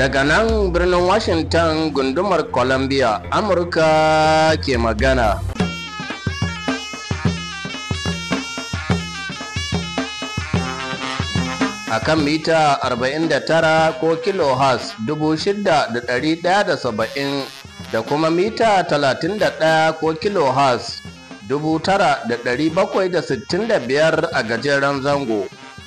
daga nan birnin washington gundumar columbia amurka ke magana a kan mita 49 ko kilohertz 6,170 da kuma mita 31 ko kilohertz 9,765 a gajeren zango.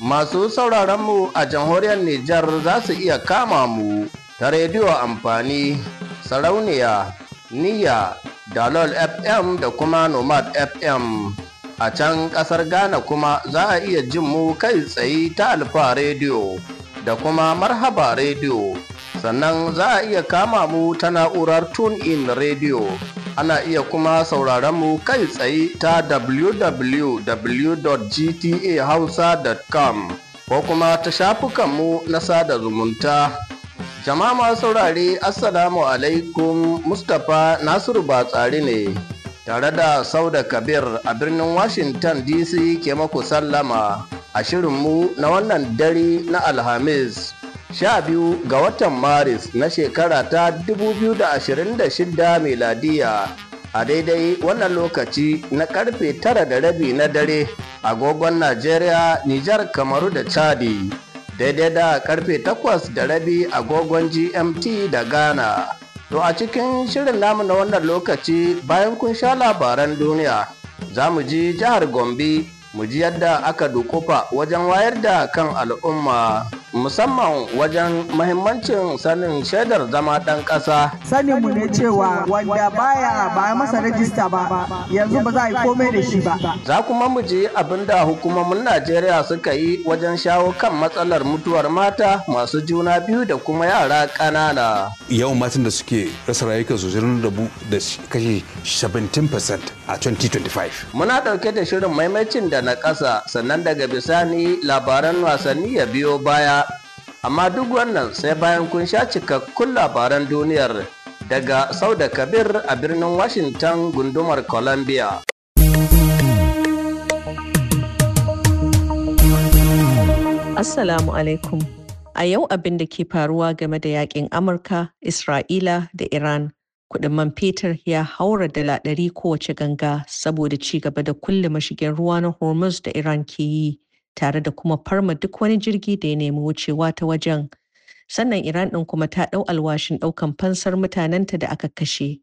Masu sauraronmu a jamhuriyar Nijar za su iya kama mu ta rediyo amfani, sarauniya, niyya, dalol FM da kuma nomad FM. A can ƙasar Ghana kuma za a iya jin mu kai tsaye ta alfa rediyo da kuma marhaba rediyo. sannan za a iya kama mu ta na'urar tune in radio ana iya kuma sauraron mu kai tsaye ta www.gtahausa.com ko kuma ta shafukan mu na sada zumunta jama'a saurare assalamu alaikum mustapha nasiru batsari ne tare da sauda kabir a birnin washington dc ke maku sallama a mu na wannan dare na alhamis 12 ga watan maris na shekara ta 2026 meladiya a daidai wannan lokaci na karfe tara da rabi na dare agogon najeriya nijar kamaru da chadi daidai da karfe takwas da rabi agogon gmt da ghana to a cikin shirin namu na wannan lokaci bayan kun sha labaran duniya za mu ji jihar gombe mu ji yadda aka dukufa wajen wayar da kan al'umma musamman wajen mahimmancin sanin shaidar zama ɗan ƙasa. Sanin mu ne cewa wanda baya ba masa rajista ba yanzu ba za a yi komai da shi ba. Za kuma mu ji abin da hukumomin Najeriya suka yi wajen shawo kan matsalar mutuwar mata masu juna biyu da kuma yara ƙanana. Yawan matan da suke rasa rayukan sun rabu da kashi 17% a 2025. Muna ɗauke da shirin maimacin da na ƙasa sannan daga bisani labaran wasanni ya biyo baya amma duk wannan sai bayan kun sha cikakkun labaran duniyar daga sauda kabir a birnin washington gundumar columbia assalamu alaikum a yau abin da ke faruwa game da yakin amurka isra'ila da iran kudin man fetur ya haura dala ladari kowace ganga saboda ci gaba da kulle mashigin ruwa na hormuz da iran ke yi tare da kuma farma duk wani jirgi da ya nemi wucewa ta wajen. Sannan Iran ɗin kuma ta ɗau alwashin ɗaukan fansar mutanenta da aka kashe.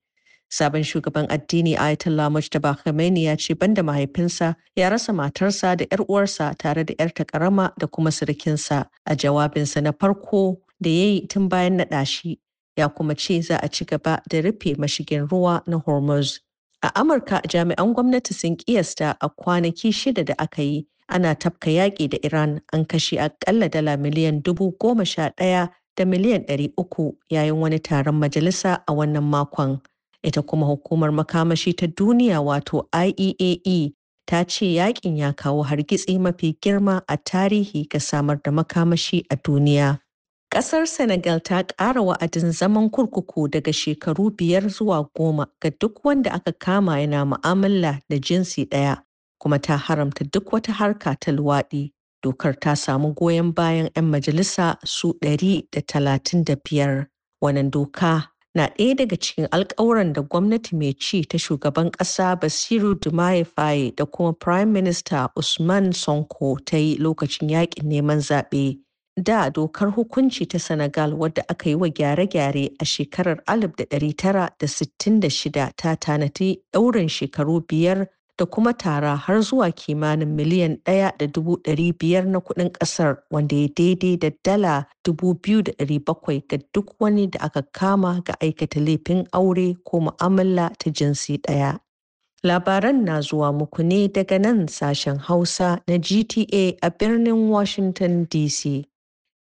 Sabon shugaban addini Ayatollah Mujtaba Khomeini ya ce banda mahaifinsa ya rasa matarsa da 'yar uwarsa tare da 'yarta karama da kuma sirikinsa a jawabinsa na farko da ya yi tun bayan naɗa shi ya kuma ce za a ci gaba da rufe mashigin ruwa na Hormuz. A Amurka jami'an gwamnati sun kiyasta a kwanaki shida da aka yi ana tafka yaƙi da Iran an kashe aƙalla dala miliyan dubu goma sha ɗaya da miliyan ɗari uku yayin wani taron majalisa a wannan makon. Ita kuma hukumar makamashi ta duniya wato IEAE e ta ce yaƙin ya kawo hargitsi mafi girma a tarihi ga samar da makamashi a duniya. Ƙasar Senegal ta ƙara wa'adin zaman kurkuku daga shekaru biyar zuwa goma ga duk wanda aka kama yana mu'amala da jinsi ɗaya kuma ta haramta duk wata harka ta luwaɗi. Dokar ta samu goyon bayan 'yan majalisa su 135. Wannan doka na ɗaya daga cikin alkawuran da gwamnati mai ci ta shugaban ƙasa Basiru Dumaye Faye da kuma Prime Minister Usman Sonko ta yi lokacin yaƙin neman zaɓe. da dokar hukunci ta Senegal wadda aka yi wa gyare-gyare a shekarar 1966 ta tanati ɗaurin shekaru biyar da kuma tara har zuwa kimanin miliyan ɗaya da dubu ɗari biyar na kuɗin ƙasar wanda ya daidai da dala dubu biyu ga duk wani da aka kama ga aikata laifin aure ko mu'amala ta jinsi ɗaya. Labaran na zuwa muku ne daga nan sashen Hausa na GTA a birnin Washington DC.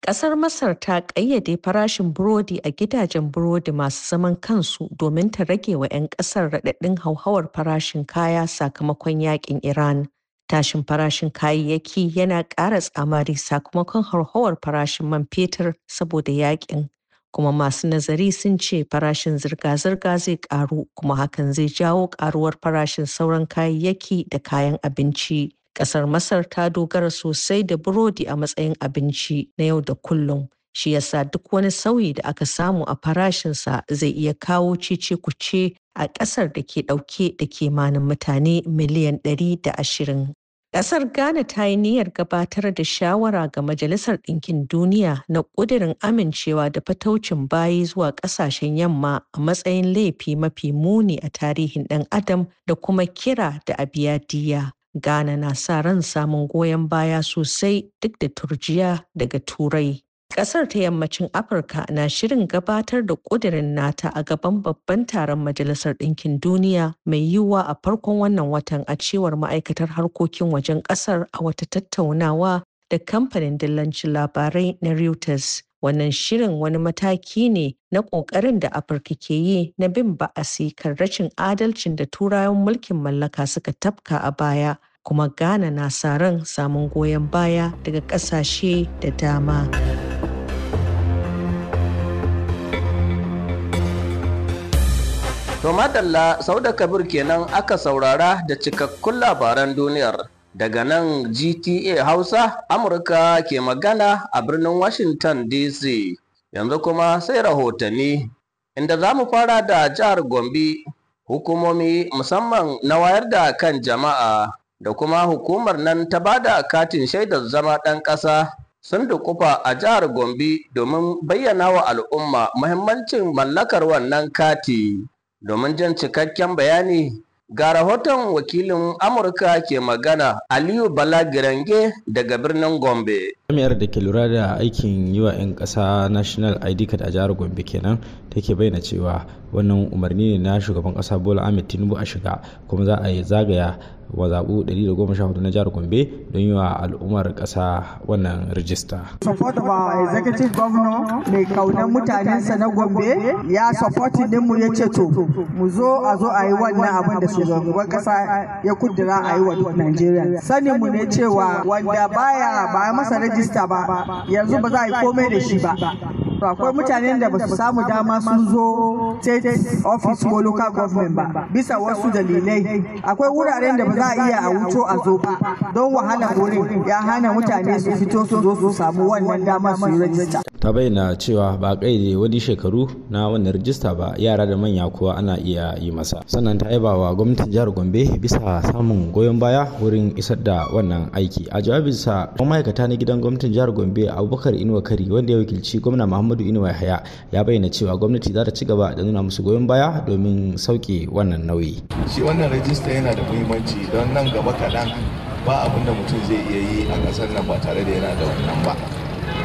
Ƙasar Masar ta ƙayyade farashin burodi a gidajen burodi masu zaman kansu domin ta rage wa 'yan ƙasar raɗaɗin hauhawar farashin kaya sakamakon yaƙin Iran. Tashin farashin kayayyaki yana ƙara tsamari sakamakon hauhawar farashin man fetur saboda yaƙin. Kuma masu nazari sun ce farashin zirga-zirga zai ƙaru kuma hakan zai jawo ƙaruwar farashin sauran kayayyaki da kayan abinci. Ƙasar Masar ta dogara sosai da burodi a matsayin abinci na yau da kullum. Shi yasa duk wani sauyi da aka samu a farashinsa zai iya kawo cece kuce a ƙasar da ke ɗauke da kimanin mutane miliyan ɗari da ashirin. Ƙasar Ghana ta yi niyyar gabatar da shawara ga Majalisar Ɗinkin Duniya na ƙudirin amincewa da fataucin bayi zuwa ƙasashen yamma a matsayin laifi mafi muni a tarihin ɗan Adam da kuma kira da abiya diya. Ghana na sa ran samun goyon baya sosai duk da turjiya daga Turai. Ƙasar ta yammacin Afirka na shirin gabatar da ƙudirin nata a gaban babban taron Majalisar Ɗinkin Duniya mai yiwuwa a farkon wannan watan a cewar ma'aikatar harkokin wajen ƙasar a wata tattaunawa da kamfanin dillancin labarai na Reuters. Wannan shirin wani mataki ne na ƙoƙarin da Afirka ke yi na bin ba'asi kan rashin adalcin da turawan mulkin mallaka suka tafka a baya, kuma Ghana na sa ran samun goyon baya daga ƙasashe da dama. To madalla sau da Kabir kenan aka saurara da cikakkun labaran duniyar. Daga nan GTA Hausa, Amurka ke magana a birnin Washington DC. Yanzu kuma sai rahotanni, inda za mu fara da jihar Gombe, hukumomi musamman na wayar da kan jama'a da kuma hukumar nan ta bada katin shaidar zama ɗan ƙasa sun dukufa a jihar Gombe domin bayyana wa al'umma muhimmancin mallakar wannan kati domin jan cikakken bayani Ga rahoton wakilin Amurka ke magana Aliyu bala girange daga birnin Gombe. Jami'ar da ke lura da aikin yi wa 'yan ƙasa National ID Card a jihar Gombe kenan take bayyana cewa wannan umarni ne na shugaban ƙasa Bola Ahmed Tinubu a shiga kuma za a yi zagaya Wa zaɓu 114 na jihar gombe don yi wa al'ummar ƙasa wannan rijista. support ba executive governor mai kaunan mutanensa na gombe ya support mu ya ce to mu zo a zo a yi wannan abin da su shugaban ƙasa ya kudura a yi wa nigeria sanin mu ne cewa wanda baya ba masa rijista ba yanzu ba za a yi komai da shi ba akwai mutanen da ba samu dama sun zo state office ko local government ba bisa wasu dalilai akwai wuraren da ba za a iya a wuto a zo ba don wahala wurin ya hana mutane su fito su zo su samu wannan dama su yi rajista ta bayyana cewa ba kaide wani shekaru na wannan rijista ba yara da manya kuwa ana iya yi masa sannan ta yaba wa gwamnatin jihar gombe bisa samun goyon baya wurin isar da wannan aiki a jawabinsa kuma ma'aikata na gidan gwamnatin jihar gombe abubakar inuwa kari wanda ya wakilci gwamna muhammadu inuwa yahaya ya bayyana cewa gwamnati za ta ci gaba da nuna musu goyon baya domin sauke wannan nauyi shi wannan rajista yana da muhimmanci don nan gaba kaɗan ba abin da mutum zai iya yi a ƙasar nan ba tare da yana da wannan ba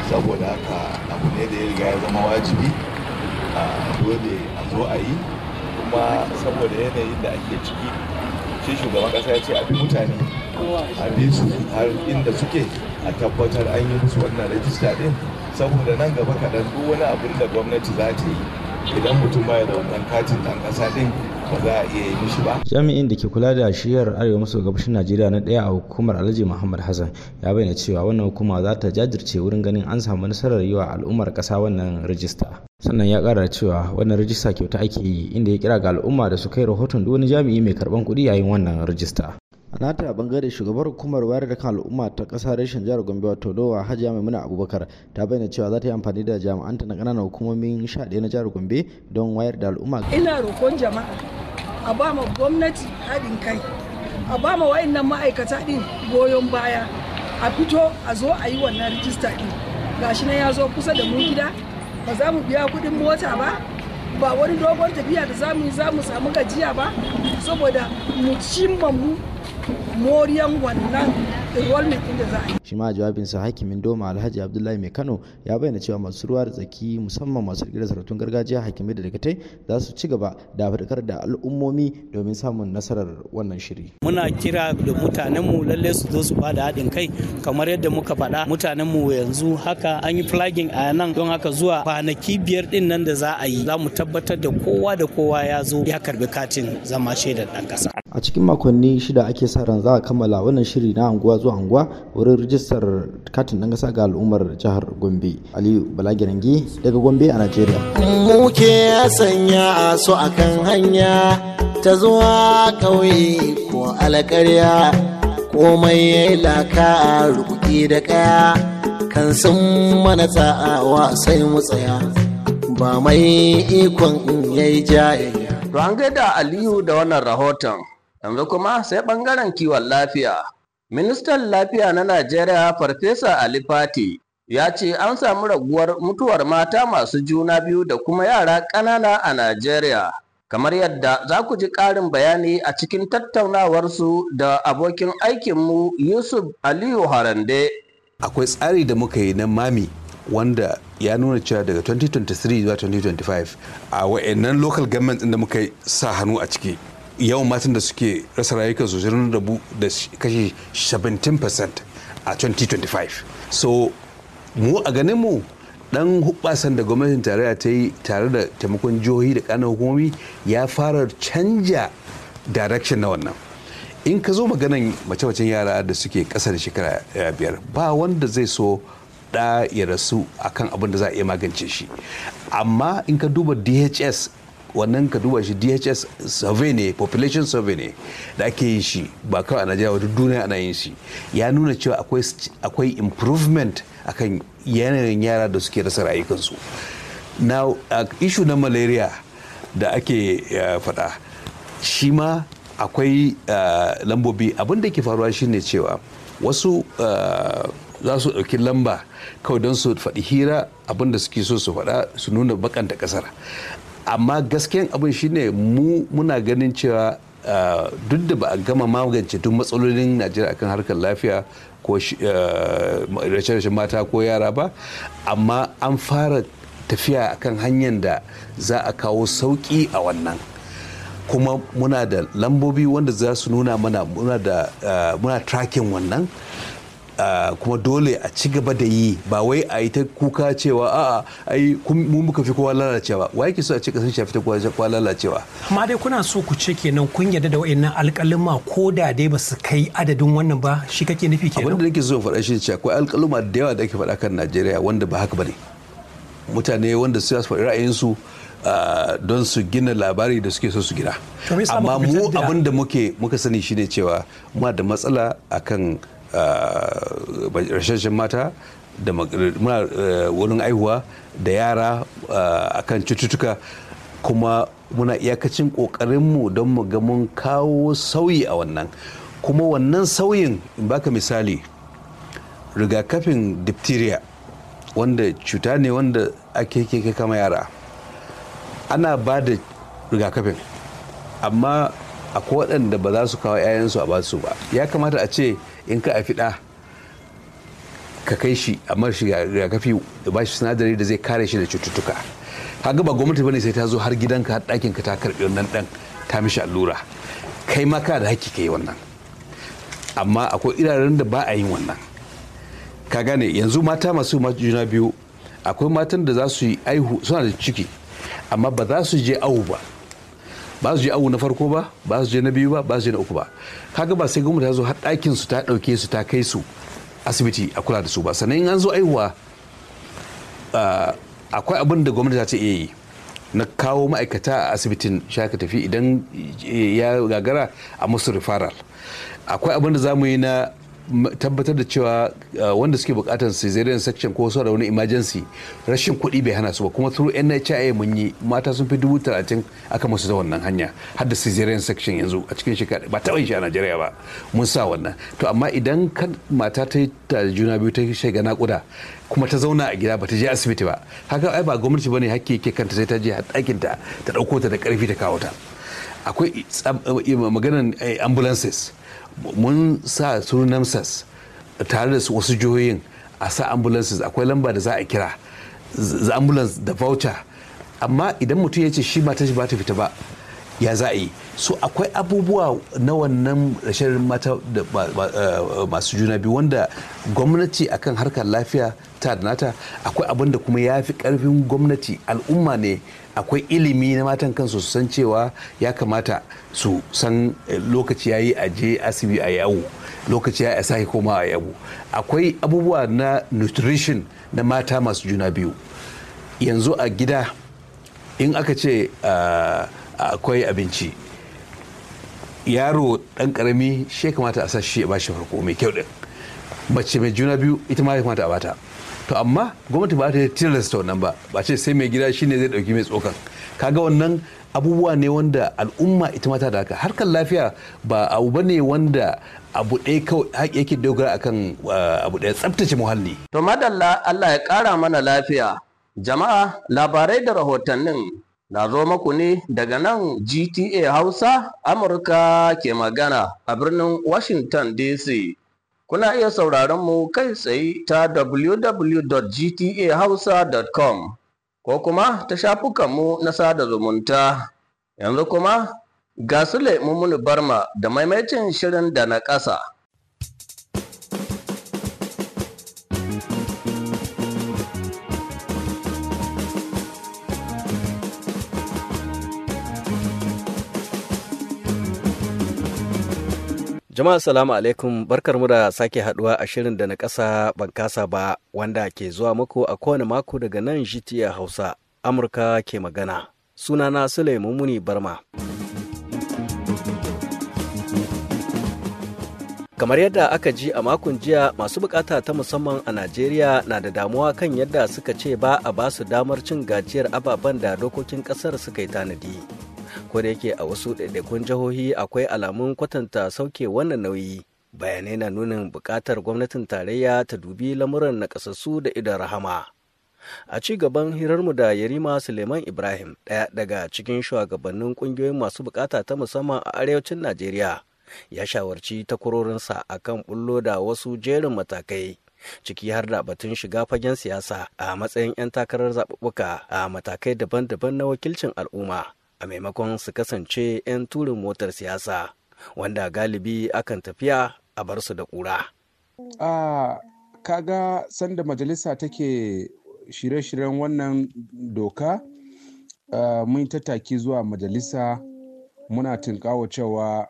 saboda haka abu ne da ya riga ya zama wajibi a dole a zo a yi kuma saboda yanayin da ake ciki shi shugaban kasa ya ce a bi mutane a bi su har inda suke a tabbatar an yi musu wannan rajista din saboda nan gaba kaɗan duk wani abin da gwamnati za ta yi idan mutum baya da wannan katin dan kasa din ba za a iya yi mishi ba. Jami'in da ke kula da shiyar Arewa maso gabashin Najeriya na ɗaya a hukumar Alhaji Muhammad Hassan ya bayyana cewa wannan hukuma za ta jajirce wurin ganin an samu nasarar yi wa al'ummar ƙasa wannan rijista. Sannan ya kara cewa wannan rijista kyauta ake yi inda ya kira ga al'umma da su kai rahoton duk wani jami'i mai karban kuɗi yayin wannan rijista. a nata bangare shugabar hukumar wayar da kan al'umma ta kasa reshen jihar gombe wato dowa hajiya maimuna abubakar ta bayyana cewa za ta yi amfani da jami'anta na kananan hukumomin sha ɗaya na jihar gombe don wayar da al'umma ina roƙon jama'a a ba ma gwamnati haɗin kai a ba ma wa'annan ma'aikata ɗin goyon baya a fito a zo a yi wannan rijista ɗin gashi nan ya zo kusa da mu gida ba za mu biya kuɗin mota ba ba wani dogon tafiya da za mu yi za mu samu gajiya ba saboda mu cimma mu moriyan wannan enrollment din da za a yi shi ma jawabin sa hakimin doma alhaji abdullahi mai kano ya bayyana cewa masu ruwa da tsaki musamman masu rike sarautun gargajiya hakimai da dakatai za su ci gaba da fadakar da al'ummomi domin samun nasarar wannan shiri muna kira da mutanenmu lalle su zo su bada haɗin kai kamar yadda muka faɗa mutanenmu yanzu haka an yi flagging a nan don haka zuwa kwanaki biyar din nan da za a yi za mu tabbatar da kowa da kowa ya zo ya karbi katin zama shaidar ɗan ƙasa a cikin makonni shida ake sa ran za a kammala wannan shiri na anguwa zuwa anguwa wurin rijistar katin dan gasa ga al'ummar jihar gombe aliyu balagirangi daga gombe a najeriya muke ya sanya su akan hanya ta zuwa kauye ko alƙarya komai ya laka rubuki da kaya kan sun mana tsa'awa sai mu tsaya ba mai ikon in yayi jayayya to an aliyu da wannan rahoton yanzu kuma sai ɓangaren kiwon lafiya ministan lafiya na najeriya farfesa ali fati ya ce an samu raguwar mutuwar mata masu juna biyu da kuma yara ƙanana a najeriya kamar yadda za ku ji ƙarin bayani a cikin tattaunawarsu da abokin aikinmu yusuf aliyu harande akwai tsari da muka yi na mami wanda ya nuna cewa daga 2023 zuwa 2025 a wa'annan local government da muka sa hannu a ciki yawan matan da suke rasa rayukan su sun rabu da kashi 17% a 2025 so mu a ganin mu dan hubbasan da gwamnatin tarayya ta yi tare da taimakon jihohi da kanan hukumomi ya fara canja direction na wannan in ka zo maganan mace-macen yara da suke kasa da shekara eh, biyar ba wanda zai so da ya rasu akan abin da za a iya magance shi amma in ka duba dhs wannan ka duba shi DHS survey ne population survey ne da ake yin shi ba kawai a Najeriya wata duniya ana yin shi ya nuna cewa akwai akwai improvement akan yanayin yara da suke rasa rayukansu now ishu issue na malaria da ake eh, fada shi ma akwai eh, lambobi abin da ke faruwa shine cewa wasu eh, za su ɗauki lamba kawai don su faɗi hira abin da suke so su faɗa su nuna bakanta ƙasar amma gaskiyan abin shine mu muna ganin cewa eh, duk da ba a gama magance duk matsalolin najeriya akan harkar lafiya ko eh, rashin mata ko yara ba amma an fara tafiya akan hanyar da za a kawo sauki a wannan kuma muna da lambobi wanda za su nuna mana muna da eh, muna tracking wannan kuma dole a ci gaba da yi ba wai a yi ta kuka cewa a'a ai mu muka fi kowa lalacewa wa ke so a ce kasar shafi ta kowa lalacewa amma dai kuna so ku ce kenan kun yarda da wayannan alƙaluma ko da dai ba su kai adadin wannan ba shi kake nufi kenan abin da nake so faɗa shi ce akwai alƙaluma da yawa da ake faɗa kan Najeriya wanda ba haka bane mutane wanda su faɗi ra'ayinsu don su gina labari da suke so su gina amma mu abin da muke muka sani shine cewa ma da matsala akan rashashen mata da muna eh, wurin aihuwa da yara eh, a kan cututtuka kuma muna iyakacin ƙoƙarinmu don mu ga mun kawo sauyi a wannan kuma wannan sauyin baka misali rigakafin diphtheria wanda cuta ne wanda ake keke kama yara ana ba da rigakafin amma akwai waɗanda ba za su kawo 'ya'yansu a ba su ba ya kamata a ce in ka afi ɗa ka kai shi a mashi rigakafi da ba shi sinadari da zai kare shi da cututtuka kaga ba gwamnati bane sai ta zo har gidanka har ɗakin ka ta karɓi wannan ɗan ta mishi allura kai ma ka da haƙƙi ka yi wannan amma akwai iraren da ba a yin wannan ka gane yanzu mata masu juna biyu akwai matan da za su yi aihu suna da ciki amma ba za su je awu ba ba su je awo na farko ba ba su je na biyu ba ba su je na uku ba kaga ba sai gwamnati ta zo har ɗakin su ta ɗauke su ta kai su asibiti a kula da su ba sannan in an zo aihuwa akwai abin da gwamnati ta ce iya yi na kawo ma'aikata a asibitin shaka tafi idan ya gagara a musu referral akwai abin da za mu yi na tabbatar da cewa uh, wanda suke bukatar cesarean section ko da wani emergency rashin kuɗi bai hana su ba kuma through NHIA mun yi mata sun fi dubu talatin aka musu da wannan hanya har da cesarean section yanzu a cikin shekara ba taɓa shi a Najeriya ba mun sa wannan to amma idan mata ta yi ta juna biyu ta shiga naƙuda kuma ta zauna a gida ba ta je asibiti ba haka ai ba gwamnati ba ne hakki yake kanta sai ta je ɗakin ta ta ɗauko ta da ƙarfi ta kawo ta akwai eh, maganan eh, ambulances mun sa su namsas tare da wasu jihohin a sa ambulances akwai lamba da za a kira za ambulance da voucher amma idan mutum ya ce shi mata shi ba ta fita ba ya za a yi so akwai abubuwa na wannan rashin mata da eh, masu juna biyu wanda gwamnati akan harkar lafiya ta da nata akwai abinda kuma ya fi karfin gwamnati al'umma ne akwai ilimi na matan kansu su san cewa ya kamata su san eh, lokaci ya yi a je asibi a yawo lokaci ya sake koma a yawo akwai abubuwa na nutrition na mata masu juna biyu yanzu a gida in aka ce ah, akwai abinci yaro dan karami shi kamata a sa shi ya bashi farko mai kyau din mace mai juna biyu ita ma ya kamata a bata to amma gwamnati ba ta tilasta wannan ba ba ce sai mai gida shine zai dauki mai tsokan kaga wannan abubuwa ne wanda al'umma ita mata da haka harkar lafiya ba abu ba ne wanda abu ɗaya kawai yake dogara akan ah, abu ɗaya tsabtace muhalli to madalla Allah ya kara mana lafiya jama'a labarai da rahotannin na zo maku ne daga nan GTA Hausa Amurka ke magana a birnin Washington DC Kuna iya sauraron mu kai tsaye ta www.gtahausa.com ko kuma ta shafukanmu na sada zumunta. Yanzu kuma ga su Mummunu Barma da maimaitin shirin da na ƙasa. Jama'a salamu alaikum barkar mu da sake haduwa a shirin da na kasa ban kasa ba wanda ke zuwa muku a kowane mako daga nan jitiya Hausa Amurka ke magana. Sunana sulaiman Muni Barma. Kamar yadda aka ji a makon jiya masu bukata ta musamman a Najeriya na da damuwa kan yadda suka ce ba a basu damar cin gajiyar ababen da dokokin kasar suka yi tanadi. ko yake a wasu ɗaiɗaikun jihohi akwai alamun kwatanta sauke wannan nauyi bayanai na nunin buƙatar gwamnatin tarayya ta dubi lamuran nakasassu da idan rahama a ci gaban hirarmu da yarima suleiman ibrahim ɗaya daga cikin shugabannin ƙungiyoyin masu buƙata ta musamman a arewacin najeriya ya shawarci takwarorinsa kan bullo da wasu jerin matakai ciki har da batun shiga fagen siyasa a matsayin 'yan takarar zaɓuɓɓuka a matakai daban-daban na wakilcin al'umma a maimakon su kasance 'yan turin motar siyasa wanda galibi akan tafiya a bar su da ƙura. A kaga sanda majalisa take shirye-shiryen wannan doka uh, ta taki zuwa majalisa muna tunkawa cewa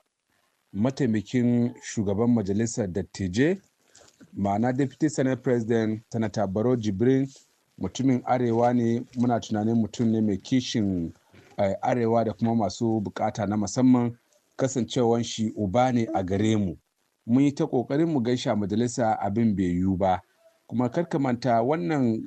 mataimakin shugaban majalisar dattijai ma'ana deputy senate president tana tabaro jibrin mutumin arewa ne muna tunanin mutum ne mai kishin arewa da kuma masu bukata na musamman kasancewan shi uba ne a gare mu mun yi ta kokarin mu gaisha majalisa abin bai yiwu ba kuma karka manta wannan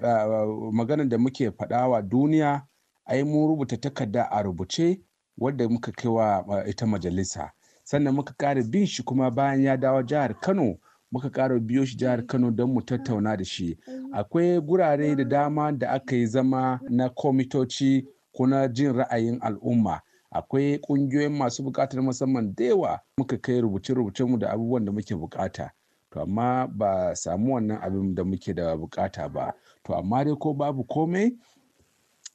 maganar da muke faɗawa duniya ai mun rubuta takarda a rubuce wadda muka kai wa ita majalisa sannan muka ƙara bin shi kuma bayan ya dawo jihar kano muka ƙara biyo shi jihar kano don mu tattauna da shi akwai gurare da dama da aka yi zama na komitoci kuna jin ra'ayin al'umma akwai kungiyoyin masu bukatar musamman da yawa muka kai rubuce-rubucenmu da abubuwan da muke bukata to amma ba samu wannan abin da muke da bukata ba to amma dai ko babu komai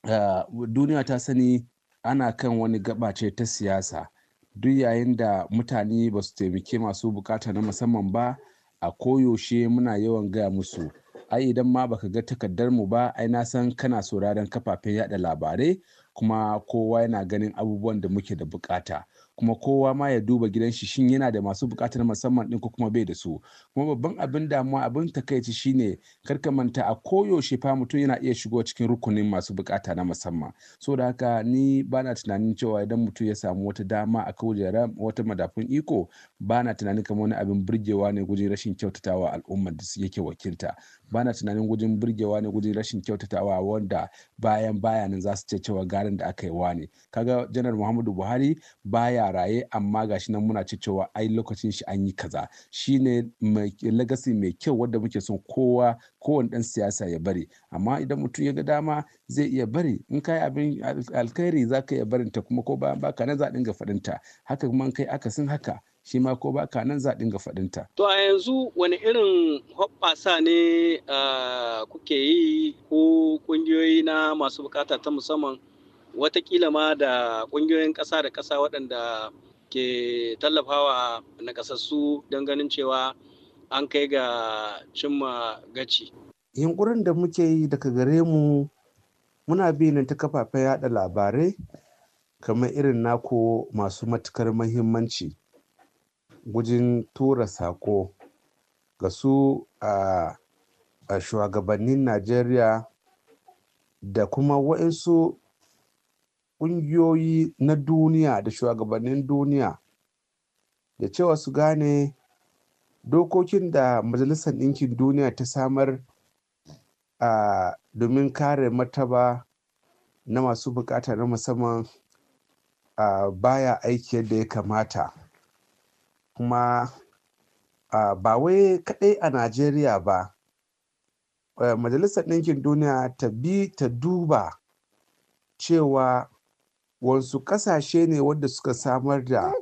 ah, duniya ta sani ana kan wani gabace ta siyasa duk yayin da mutane ba su taimake masu bukata na musamman ba a koyaushe muna yawan gaya musu ai idan ma baka ga takardar mu ba ai na san kana sauraron kafafen yada labarai kuma kowa yana ganin abubuwan da muke da bukata kuma kowa ma ya duba gidan shi shin yana da masu bukatar musamman din ko kuma bai da su kuma babban abin damuwa abin takaici shine karka manta a koyaushe fa mutum yana iya shigo cikin rukunin masu bukata na musamman saboda haka ni bana tunanin cewa idan mutum ya samu wata dama a kujera wata madafun iko bana tunanin kamar wani abin burgewa ne gujin rashin kyautatawa al'ummar da yake wakilta bana tunanin gujin burgewa ne gujin rashin kyautatawa wanda bayan baya nan za su ce cewa garin da aka yi wa ne kaga janar muhammadu buhari baya raye amma gashi nan muna ce cewa ai lokacin shi an yi kaza shine legacy mai kyau wadda muke son kowa kowane dan siyasa ya bari amma idan mutum ya ga dama zai iya bari in kai abin alkhairi zaka ka iya barinta kuma ko bayan baka nan za a dinga faɗinta haka kuma kai akasin haka shi ma ko baka nan za dinga faɗinta. To a yanzu wani irin hoɓɓasa ne kuke yi ko ƙungiyoyi na masu bukata ta musamman watakila ma da ƙungiyoyin ƙasa da ƙasa waɗanda ke tallafawa na ƙasassu don ganin cewa an kai ga cimma gaci. Yunkurin da muke yi daga gare mu muna binin ta kafafen yada labarai kamar irin nako masu matukar mahimmanci gujin tura sako ga su a shugabannin najeriya da kuma waɗansu ƙungiyoyi na duniya da shugabannin duniya da cewa su gane dokokin da majalisar ɗinkin duniya ta samar a domin kare martaba na masu bukata na musamman baya aiki yadda ya kamata kuma uh, ba wai kadai a najeriya ba eh, majalisar ɗinkin duniya ta bi ta duba cewa wasu ƙasashe ne wanda suka samar da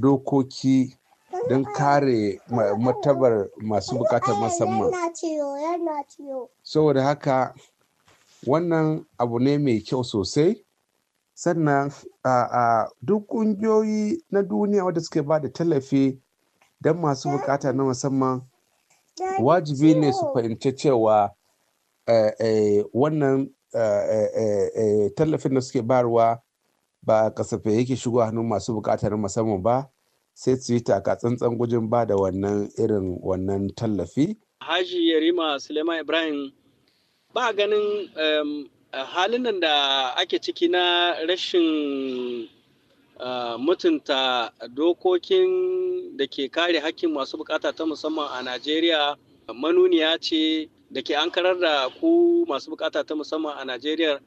dokoki don kare matabar masu bukatar musamman saboda haka wannan abu ne mai kyau sosai sannan a duk ƙungiyoyi na duniya wadda suke ba da tallafi don masu bukata na musamman wajibi ne su fahimci cewa wannan tallafin da suke bayarwa ba kasafe yake shigo hannun masu bukata na musamman ba sai su yi taka tsantsan gujin ba da wannan irin wannan tallafi. Haji Yarima Suleiman Ibrahim ba ganin halin nan da ake ciki na rashin mutunta dokokin da ke kare hakkin masu bukata ta musamman a Najeriya manuniya ce da ke ankarar da ku masu bukata ta musamman a Najeriya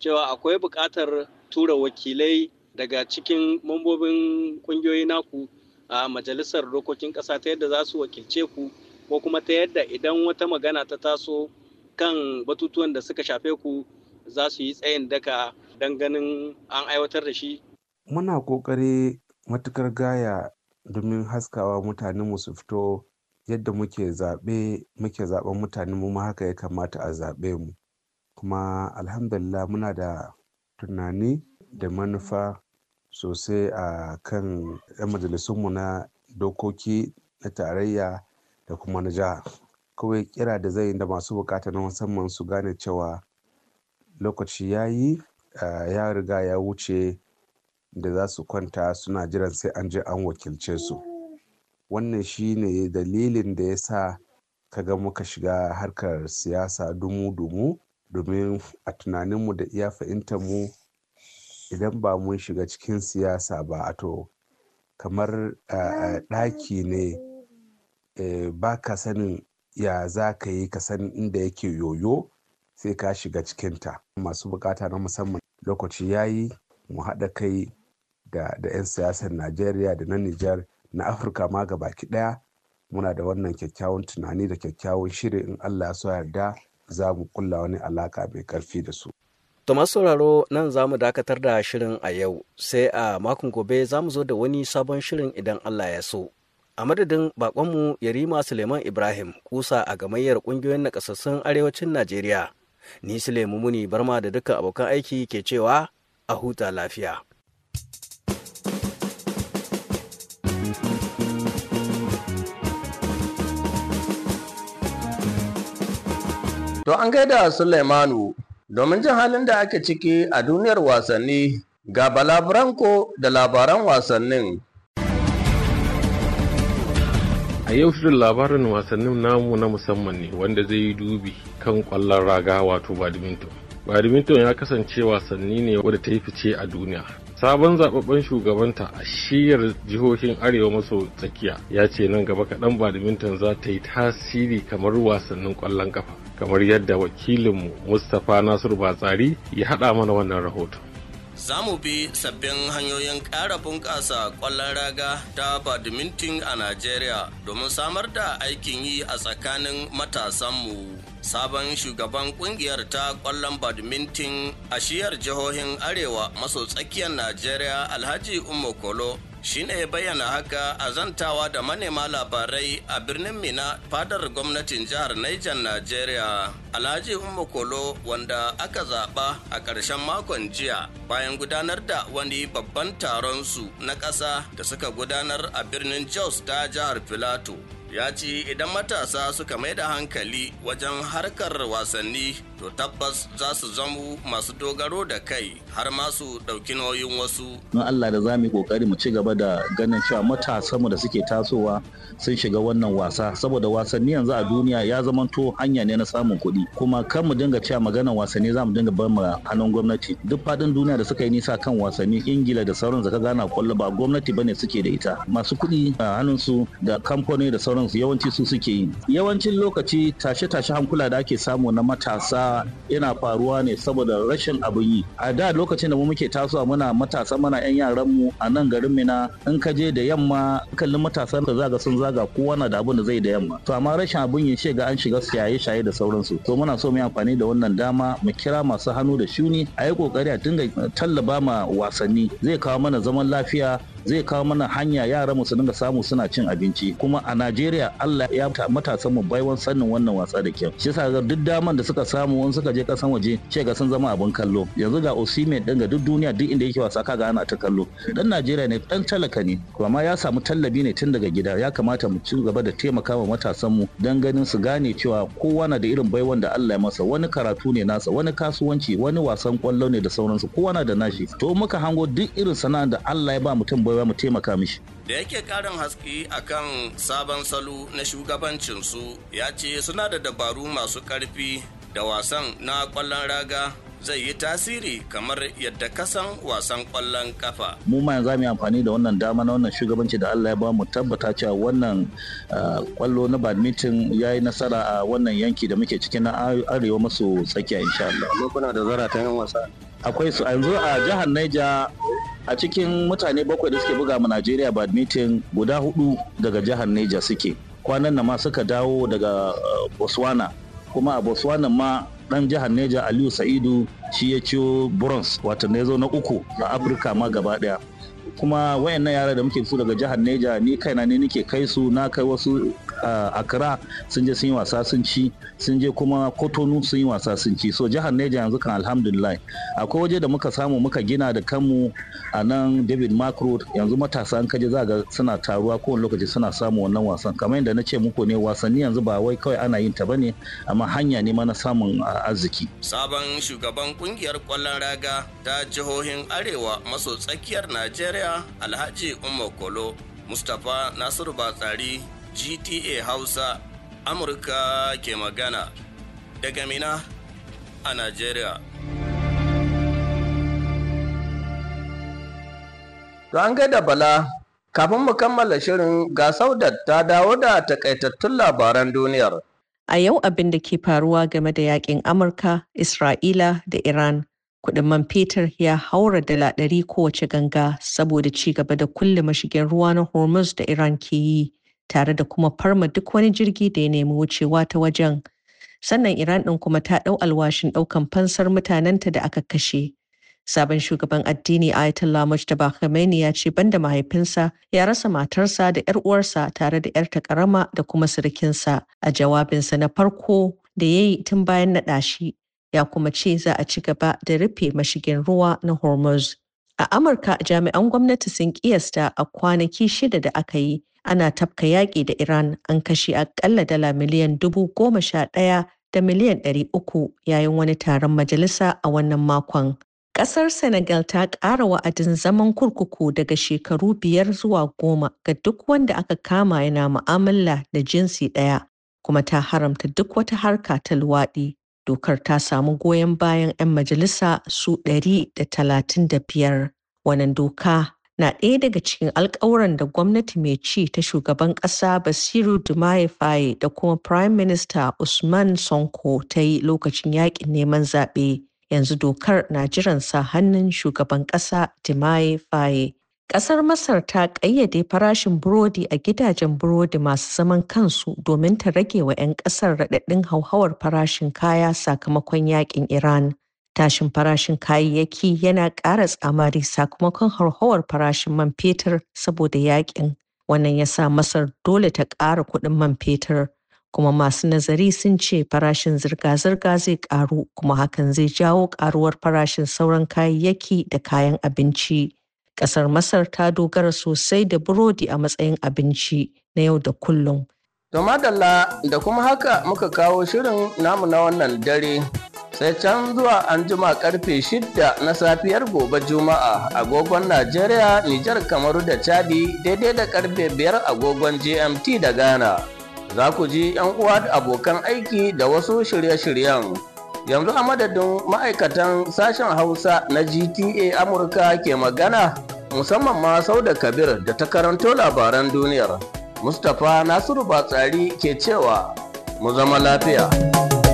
cewa akwai bukatar tura wakilai daga cikin mambobin kungiyoyi naku a majalisar dokokin ƙasa ta yadda za su wakilce ku ko kuma ta yadda idan wata magana ta taso kan batutuwan da suka shafe ku za su yi tsayin daka don ganin an aiwatar da shi. Muna kokari matukar gaya domin haskawa mutanenmu su fito yadda muke zaɓe muke zaɓen mutanenmu ma haka ya kamata a zaɓe mu. Kuma alhamdulillah muna da tunani da manufa sosai a kan 'yan majalisunmu na dokoki na tarayya da kuma na jiha. kawai kira da zai da masu bukata na musamman su gane cewa lokaci ya yi eh, ya riga ya wuce da za su kwanta suna jiran sai an je an wakilce su wannan shi ne dalilin da ya sa kaga muka shiga harkar siyasa dumu-dumu domin a tunaninmu da iya mu idan ba mun shiga cikin siyasa ba a to kamar eh, ɗaki ne eh, ba ka sanin ya za ka yi ka san inda yake yoyo sai ka shiga cikinta masu bukata na musamman lokaci ya yi mu haɗa kai da 'yan siyasar najeriya da na nijar na afirka ma ga baki ɗaya muna da wannan kyakkyawan tunani da kyakkyawan shiri in allah su yarda za mu kulla wani alaka mai karfi da su Thomas sauraro nan za mu dakatar da shirin a yau sai a makon gobe za mu zo da wani sabon shirin idan allah ya so a madadin bakonmu yarima suleiman ibrahim kusa a gamayyar kungiyoyin nakasassun arewacin najeriya Ni sile Muni Barma da duka abokan aiki ke cewa a huta lafiya. To an gaida Sulaimanu domin jin halin da ake ciki a duniyar wasanni ga balabranko da labaran wasannin. A yau shirin labarin wasannin namu na musamman ne wanda zai yi dubi kan kwallon raga wato badminton. Badminton ya kasance wasanni ne wadda ta yi fice a duniya. Sabon zababben shugabanta a shiyar jihohin Arewa maso tsakiya ya ce nan gaba kaɗan badminton za ta yi tasiri kamar wasannin kwallon kafa. Kamar yadda wakilinmu Mustapha Nasiru Batsari ya haɗa mana wannan rahoton. za mu bi sabbin hanyoyin ƙara bunƙasa ƙwallon raga ta badminton a Najeriya domin samar da aikin yi a tsakanin matasanmu. Sabon shugaban kungiyar ta ƙwallon badminton a shiyar jihohin Arewa maso tsakiyar Najeriya Alhaji Umokolo shine ya bayyana haka a zantawa da manema labarai a birnin mina fadar gwamnatin jihar niger nigeria alhaji umu kolo wanda aka zaɓa a ƙarshen makon jiya bayan gudanar da wani babban taron su na ƙasa da suka gudanar a birnin jos ta jihar filato ya ce idan matasa suka mai da hankali wajen harkar wasanni to tabbas za su zamu masu dogaro da kai har ma su ɗauki nauyin wasu. Don Allah da za mu yi ƙoƙari mu ci gaba da ganin cewa matasanmu da suke tasowa sun shiga wannan wasa saboda wasanni yanzu a duniya ya zamanto hanya ne na samun kuɗi kuma kan mu dinga cewa maganar wasanni za mu dinga bar mu hannun gwamnati duk faɗin duniya da suka yi nisa kan wasanni ingila da sauran zaka gana kwallo ba gwamnati bane suke da ita masu kuɗi a hannunsu da kamfani da sauransu yawanci su suke yi yawancin lokaci tashe-tashe hankula da ake samu na matasa yana faruwa ne saboda rashin abin yi a da lokacin da mu muke tasowa muna matasa muna yan yaran mu a nan garin mina in ka je da yamma kallon matasan da zaga sun zaga kowa na da abin da zai da yamma to amma rashin abin yi shiga an shiga shaye shaye da sauransu to muna so mu yi amfani da wannan dama mu kira masu hannu da shuni a yi kokari a dinga tallaba ma wasanni zai kawo mana zaman lafiya zai kawo mana hanya yara mu su dinga samu suna cin abinci kuma a Najeriya Allah ya matasan mu baiwan sannin wannan wasa da kyau shi yasa duk daman da suka samu in suka je kasan waje ce ga sun zama abin kallo yanzu ga Osimhen din ga duk duniya duk inda yake wasa kaga ana ta kallo dan Najeriya ne dan talaka ne amma ya samu tallabi ne tun daga gida ya kamata mu ci gaba da taimaka wa matasan mu dan ganin su gane cewa kowa na da irin baiwan da Allah ya masa wani karatu ne nasa wani kasuwanci wani wasan kwallo ne da sauransu kowa na da nashi to muka hango duk irin sana'ar da Allah ya ba mutum baiwa mu taimaka mishi da yake karin haske akan sabon salo na shugabancinsu ya ce suna da dabaru masu karfi da wasan na kwallon raga zai yi tasiri kamar yadda kasan wasan kwallon kafa. Mu ma yanzu mu amfani da wannan dama na wannan shugabanci da Allah ya ba mu tabbata cewa wannan kwallo ah, na badminton ya yi nasara a wannan yanki da muke cikin na arewa masu tsakiya insha Allah. Kuna da zara ta yin wasa. Akwai su yanzu a jihar Niger a cikin mutane bakwai da suke buga mu Najeriya badminton guda hudu daga jihar Niger suke. Kwanan nan ma suka dawo daga ah, Botswana. kuma a botswana ma dan jihar neja aliyu sa'idu shi ya ciyo bronze wato ne zo na uku a afirka ma gaba daya kuma wayannan yara da muke su daga jihar neja ni kaina ne nake kai su na kai wasu Accra sun je sun yi wasa sun ci sun je kuma Kotonu sun yi wasa sun ci so jihar Neja yanzu kan alhamdulillah akwai waje da muka samu muka gina da kanmu a nan David Macro yanzu matasa an kaje za ga suna taruwa kowane lokaci suna samu wannan wasan kamar yadda na ce muku ne wasanni yanzu ba wai kawai ana yin ta ba ne amma hanya ne mana samun arziki sabon shugaban kungiyar kwallon raga ta jihohin arewa maso tsakiyar Najeriya Alhaji Umar Kolo Mustapha Nasiru Batsari GTA Hausa Amurka ke magana daga Mina a Najeriya. To an gaida bala kafin mu kammala shirin ga saudat ta dawo da takaitattun labaran duniyar. A yau abin da ke faruwa game da yakin Amurka, Isra'ila da Iran. Kudin man fetur ya haura da laɗari kowace ganga saboda ci gaba da kulle mashigin ruwa na Hormuz da Iran ke yi. tare da kuma farma duk wani jirgi da ya nemi wucewa ta wajen. Sannan Iran ɗin kuma ta ɗau alwashin ɗaukan fansar mutanenta da aka kashe. Sabon shugaban addini Ayatollah Mujtaba Khamenei ya ce banda mahaifinsa ya rasa matarsa da 'yar uwarsa tare da 'yarta karama da kuma sirikinsa a jawabinsa na farko da ya yi tun bayan naɗa shi ya kuma ce za a ci gaba da rufe mashigin ruwa na Hormuz. A Amurka jami'an gwamnati sun kiyasta a kwanaki shida da aka yi ana tafka yaƙi da Iran an kashe aƙalla dala miliyan dubu goma sha ɗaya da miliyan ɗari uku yayin wani taron majalisa a wannan makon. Ƙasar Senegal ta ƙara wa'adin zaman kurkuku daga shekaru biyar zuwa goma ga duk wanda aka kama yana mu'amala da jinsi ɗaya kuma ta haramta duk wata harka ta luwaɗi dokar ta samu goyon bayan 'yan majalisa su 135 wannan doka na ɗaya daga cikin alƙawuran da gwamnati mai ci ta shugaban ƙasa basiru dumaye faye da kuma prime minister usman sonko ta yi lokacin yaƙin neman zaɓe yanzu dokar na jiran sa hannun shugaban ƙasa dumaye faye Ƙasar Masar ta ƙayyade farashin burodi a gidajen burodi masu zaman kansu domin ta rage wa 'yan ƙasar raɗaɗin hauhawar farashin kaya sakamakon yaƙin Iran. Tashin farashin kayayyaki yana ƙara tsamari sakamakon hauhawar farashin man fetur saboda yaƙin. Wannan ya sa Masar dole ta ƙara kuɗin man fetur. kuma masu nazari sun ce farashin zirga-zirga zai ƙaru kuma hakan zai jawo ƙaruwar farashin sauran kayayyaki da kayan abinci Ƙasar Masar ta dogara sosai da burodi a matsayin abinci na yau da kullum. To madalla da kuma haka muka kawo shirin namu na wannan dare. Sai can zuwa an jima karfe shidda na safiyar gobe Juma'a agogon Najeriya, Nijar Kamaru da Chadi daidai da karfe biyar agogon GMT da Ghana. Za ku ji 'yan uwa da abokan aiki da wasu shirye-shiryen. yanzu a madadin ma'aikatan sashen hausa na gta amurka ke magana musamman ma sau da kabir da ta karanto labaran duniyar mustapha nasiru batsari ke cewa mu zama lafiya